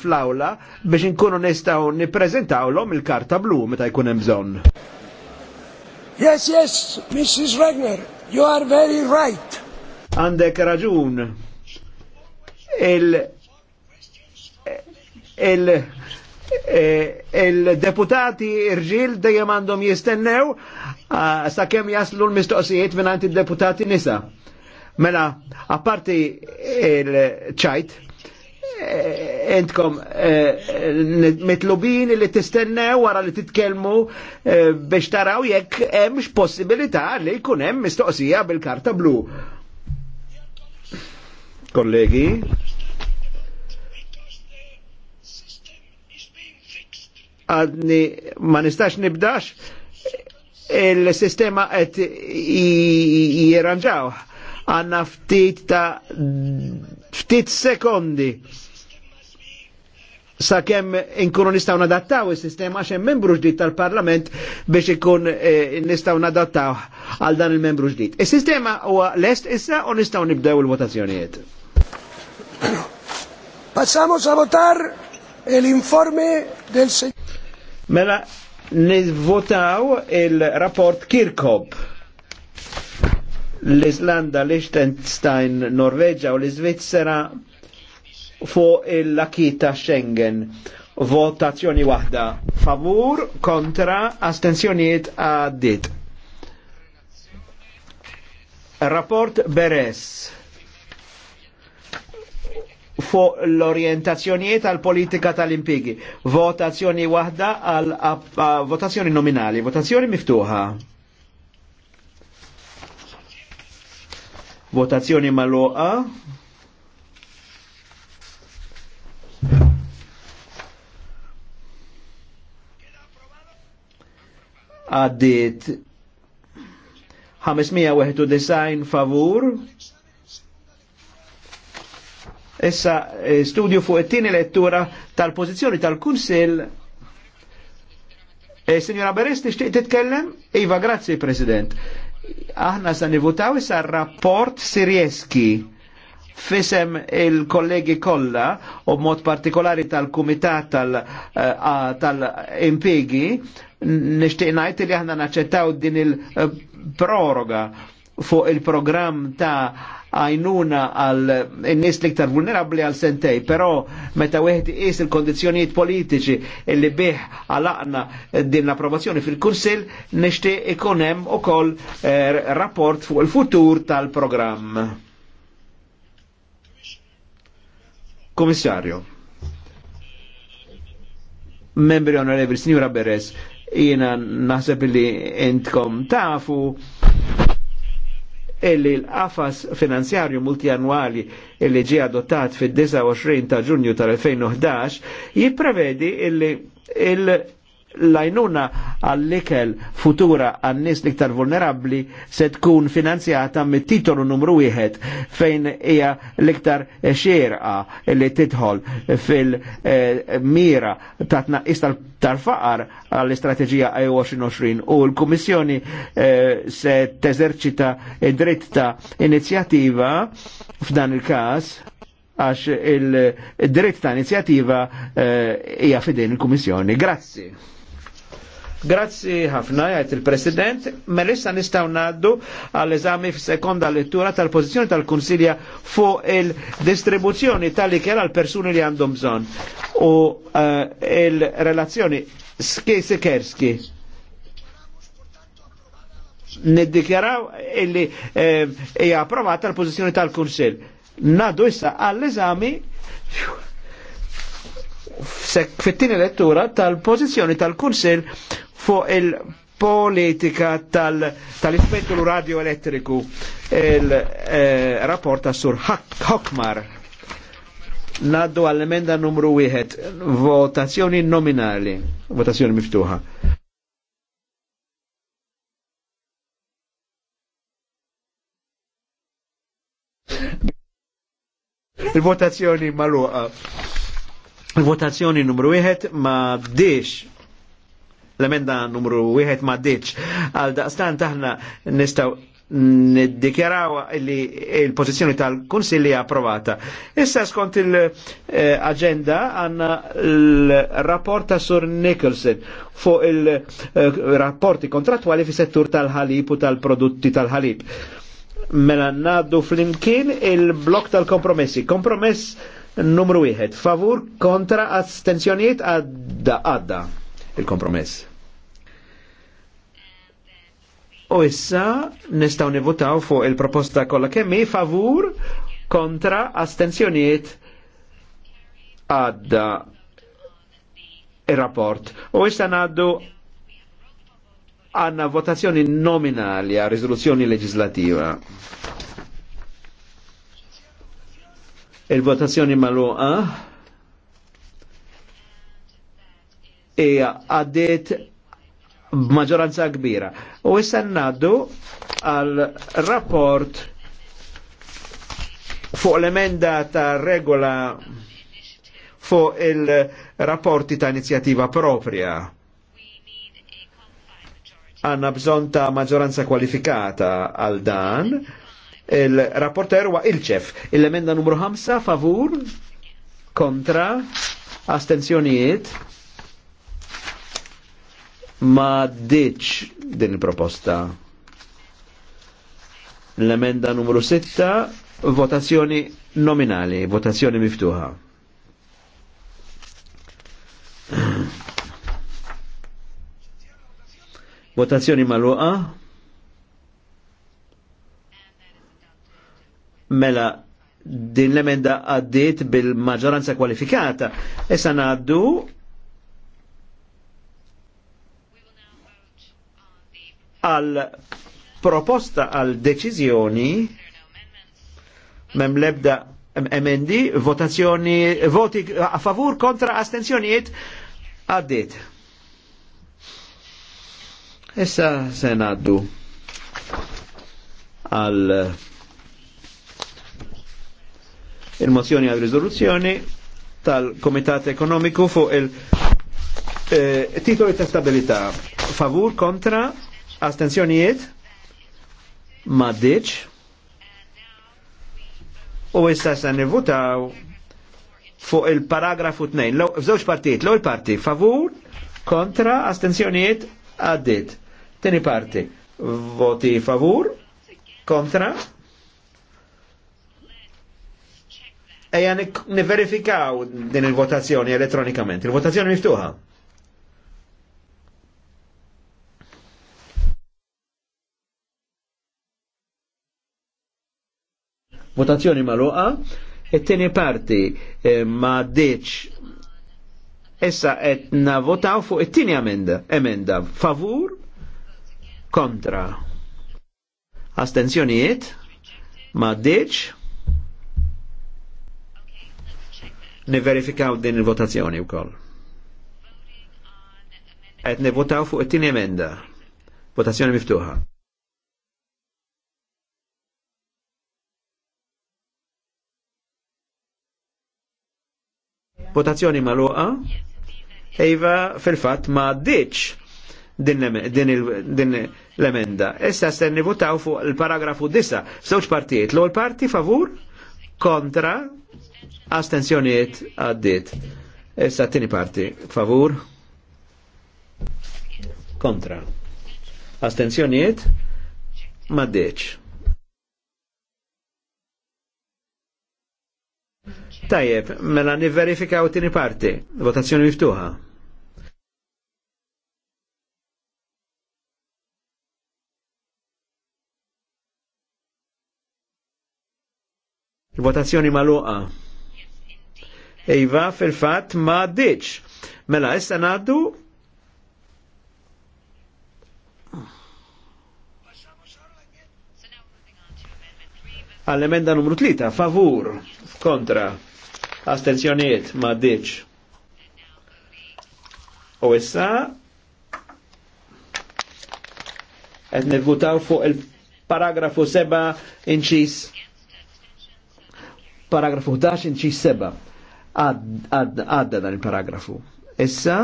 fl-awla biex inkunu nistaw niprezentaw l-om il-karta blu meta jkun hemm bżonn. Yes, yes, Mrs. Wagner, you are very right. Għandek raġun. Il il il-deputati irġil dejjem għandhom jistennew ah, sa' kemm jaslu l-mistoqsijiet minn il-deputati nisa. Mela, apparti il-ċajt, Eh, entkom eh, mitlubin li tistennew wara li titkelmu eh, biex taraw jekk hemmx possibilità li jkun hemm mistoqsija bil-karta blu. Kollegi, għadni ma nistax nibdax il-sistema għet jirranġaw għanna ftit ta' ftit sekondi sa' kem inkunu nistaw nadattaw il-sistema għaxem membru ġdid tal-parlament biex ikun eh, nistaw nadattaw għal dan il-membru ġdid. Il-sistema huwa lest issa u nistaw nibdew il-votazzjonijiet. Passamos a votar l-informe del Mela, nivvotaw il-rapport Kirkob l-Islanda, l-Liechtenstein, Norveġa u l-Svizzera fuq il-akita Schengen. Votazzjoni wahda. favur, kontra, astensjoniet għaddit. Rapport Beres fuq l-orientazzjonijiet għal politika tal-impigi. Votazzjoni wahda għal votazzjoni nominali, votazzjoni miftuħa. Votazzjoni maluqa. għaddit 591 favur. Issa eh, studju fuq it-tieni lettura tal-pożizzjoni tal-Kunsill. E, Signora Beres, titkellem? Iva, grazzi President. Aħna sa nivutaw issa rapport Sirjeski fisem il-kollegi kollha u mod partikolari tal-Kumitat eh, tal-Impigi tal, tal impigi nishtiq ngħid li aħna naċċettaw din il-proroga fuq il-programm ta' għajnuna għal n-nis liktar vulnerabli għal sentej, pero meta wieħed is il-kondizjonijiet politiċi illi biħ għalaqna din l-approvazzjoni fil-kursil, nishti ikonem u kol eh, rapport fuq il-futur tal-programm. Komissarju. Membri onorevoli, signora Beres, Jiena naħseb li intkom tafu illi l-qafas finanzjarju multianwali illi ġi adottat fid-29 ta' ġunju tal-2011 jipprevedi illi il- lajnuna għall-ikel futura għannis liktar vulnerabli se tkun finanzjata mit titolu numru wieħed fejn hija liktar xierqa li titħol fil-mira ta' tnaqqis tal-faqar għall-istrateġija 2020 e u l-Kummissjoni eh, se teżerċita dritt ta' inizjattiva f'dan il-każ għax il-dritt ta' inizjattiva eh, hija fidejn il-Kummissjoni. Grazzi. Grazzi ħafna, għajt il-President, melissa nistaw naddu għall-eżami f-sekonda lettura tal-pozizjoni tal-Kunsilja fuq il-distribuzzjoni tal-ikel għal-persuni li għandhom bżon u uh, il-relazzjoni skisikerski. Niddikjaraw illi hija eh, approvata l-pożizzjoni tal-Kunsil. Nadu issa għall-eżami fit-tieni lettura tal-pożizzjoni tal-Kunsil fuq il-politika tal-ispettru tal radioelettriku il rapporta eh, sur Hokmar. Naddu għall-emenda numru 1, votazzjoni nominali, votazzjoni miftuħa. Il-votazzjoni maluqa. Il-votazzjoni numru 1 ma diex l-emenda numru wieħed ma ditx. Għal daqstan taħna nistaw niddikjaraw li il-pozizjoni tal-Kunsilli approvata. Issa skont il-agenda għanna l-rapport ta' Sur Nicholson fuq il-rapporti kontrattuali fi settur tal-ħalib u tal-prodotti tal-ħalib. Mela naddu fl-imkien il-blok tal-kompromessi. Kompromess numru 1. Favur kontra astenzjoniet għadda għadda il-kompromess. U issa nistaw nivutaw fuq il-proposta kollha kemm favur kontra astenzjonijiet għadda il-rapport. U issa għaddu għanna votazzjoni nominali għal rizoluzzjoni leġislativa. Il-votazzjoni maluqa. hija għaddiet b'maġġoranza kbira. U issa ngħaddu għal rapport fuq l-emenda ta' regola fuq il-rapporti ta' inizjativa propria. Għanna bżon ta' maġġoranza kwalifikata għal dan. Il-rapporter wa il-ċef. Il-emenda numru 5 favur kontra astenzjonijiet ma ditx din il-proposta. L-emenda numru 6, votazzjoni nominali, votazzjoni miftuħa. Votazzjoni maluqa. Mela din l-emenda għaddit bil-maġġoranza kwalifikata. Issa ngħaddu għal proposta għal deċizjoni mem lebda emendi, votazzjoni, voti a favur kontra astenzjoniet għaddit. Issa se naddu għal il-mozzjoni għal riżoluzzjoni tal-Komitat Ekonomiku fuq il-titoli eh, ta' stabilità. Favur kontra Astenzjonijiet? Maddiċ. U issa se nivutaw fuq il-paragrafu 2. F'żewġ partijiet, l-ewwel parti favur, kontra, astenzjonijiet, għaddit. Tieni parti, voti favur, kontra. Ejja niverifikaw din il-votazzjoni elettronikament. Il-votazzjoni miftuħa. Votazzjoni maluqa. It-tieni parti eh, ma deċ et na navotaw fuq it-tieni amenda emenda favur kontra. Astenzjonijiet ma deċ verifikaw din il-votazzjoni wkoll. ne votaw fuq it-tieni amenda. Votazzjoni miftuħa. Votazzjoni maluqa. Iva fil-fat ma ditx din, l-emenda. Issa se votaw fuq il-paragrafu dissa, żewġ partijiet. l parti favur, kontra, astenzjoniet għaddit. Issa t-tieni parti favur, kontra. Astenzjoniet? Maddeċ. Tajjeb, mela niverifikaw tini parti, votazzjoni miftuħa. Votazzjoni maluqa. Ejva fil-fat, ma diċ. Mela, issa naddu għall-emenda numru 3, favur kontra astenzjoniet ma ditx. U issa et nivvutaw fuq il-paragrafu 7 inċis paragrafu 11 inċis 7. Għadda dan il-paragrafu. Issa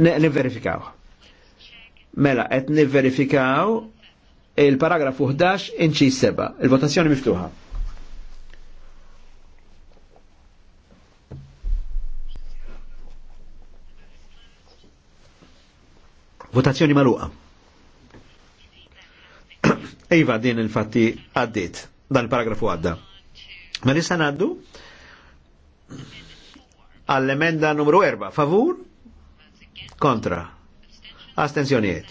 niverifikaw. Mela, qed niverifikaw il-paragrafu 11 inċis 7. Il-votazzjoni miftuħa. Votazzjoni maluqa. Iva din il-fatti għaddit, dan il-paragrafu għadda. Ma nista' ngħaddu għall-emenda numru 4, favur, kontra, astenzjoniet.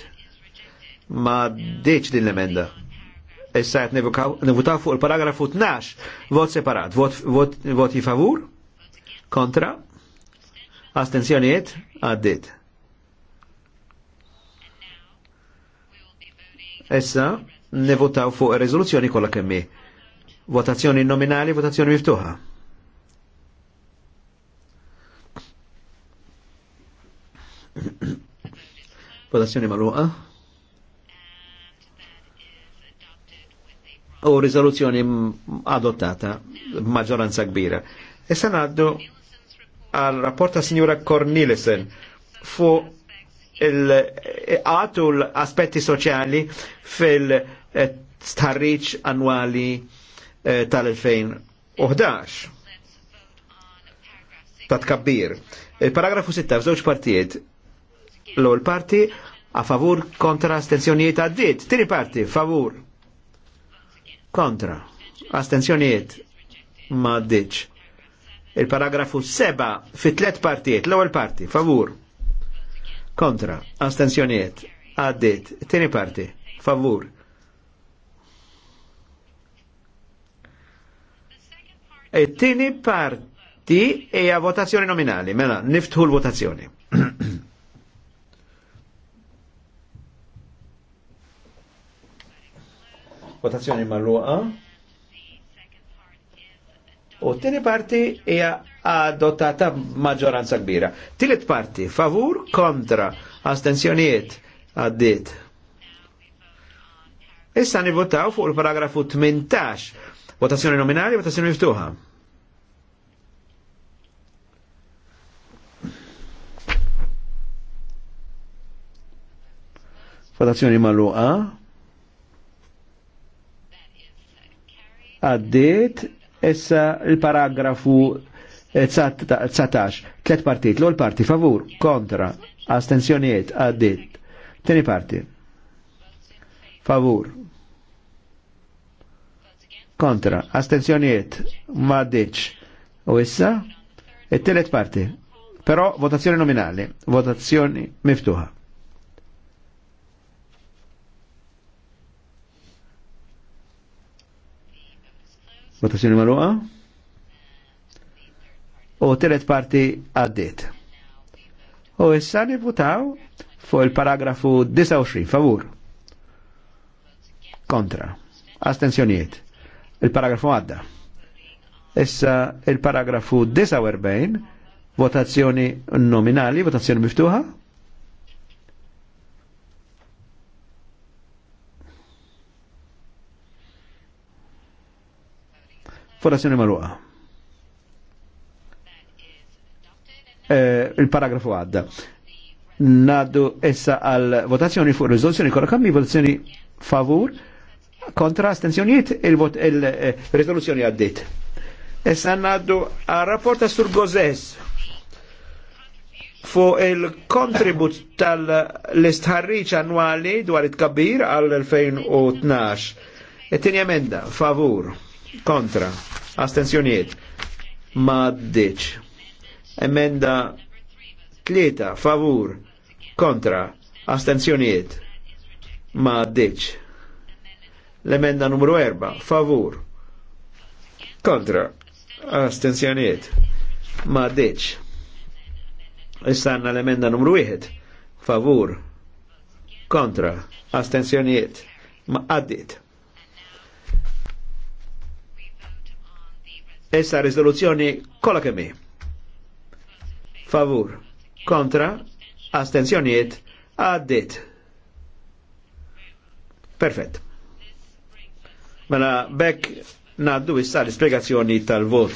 Ma deċ din l-emenda. Issa qed nivutaw fuq il-paragrafu 12, vot separat, vot, vot, voti favur, kontra, astenzjoniet, għaddit. Issa nevotaw fuq il riżoluzzjoni kolla kemmi. Votazzjoni nominali, votazzjoni miftuħa. votazzjoni maluqa. U riżoluzzjoni adottata b'maġġoranza kbira. Issa naddu għal rapporta Signora Cornelisen fuq il-għatu l-aspetti soċjali fil-starriċ annwali eh, tal-2011 ta' tkabbir. Il-paragrafu eh, 6 f'żewġ partijiet l-ewwel parti a favur kontra astenzjonijiet għaddiet, tieni parti favur kontra astenzjonijiet ma għaddiċ. Il-paragrafu 7 fit tlet partijiet l-ewwel parti favur kontra, astensjoniet, għaddit, tini parti, favur. E tini parti e a votazzjoni nominali, mela niftħu l-votazzjoni. votazzjoni luqa u t-tini parti hija adottata maġġoranza kbira. Tilet parti, favur kontra astensjonijiet għaddit. Issa nivotaw fuq il-paragrafu 18, votazzjoni nominali, votazzjoni miftuħa. Votazzjoni maluqa. Għaddit Issa il-paragrafu 19, eh, tlet partit, l-ol parti favur, kontra, astensjoniet, għaddit. Tini parti, favur, kontra, astensjoniet, ma għaddit. U issa, it tlet parti, però votazzjoni nominali, votazzjoni miftuħa. Votazzjoni marruqa U telet parti għaddit. U issa nivutaw fuq il-paragrafu 29 favur. Kontra. Astenzjoniet. Il-paragrafu għadda. Issa il-paragrafu 49 votazzjoni nominali, votazzjoni miftuħa. Votazzjoni marruqa. Eh, il-paragrafu għadda. Naddu essa għal votazzjoni fuq rizoluzzjoni kolla kammi votazzjoni favur kontra astenzjoniet, il-rizoluzzjoni il għaddit. Issa naddu għal rapporta sur Gozes Fu il-kontribut tal listħarriċ annuali dwar it-kabir għal 2012. Et-tini emenda, favur kontra, astensjoniet, ma Emenda tlieta, favur, kontra, astensjoniet, ma ddiċ. L-emenda numru erba. favur, kontra, astensjoniet, ma ddiċ. Istanna l-emenda numru 1, favur, kontra, astensjoniet, ma Issa rizoluzzjoni kolla kemmi. Favur. Kontra. Astenzjoniet. Għaddit. Perfett. Mela, bekk naddu issa l-spiegazzjoni tal-voti.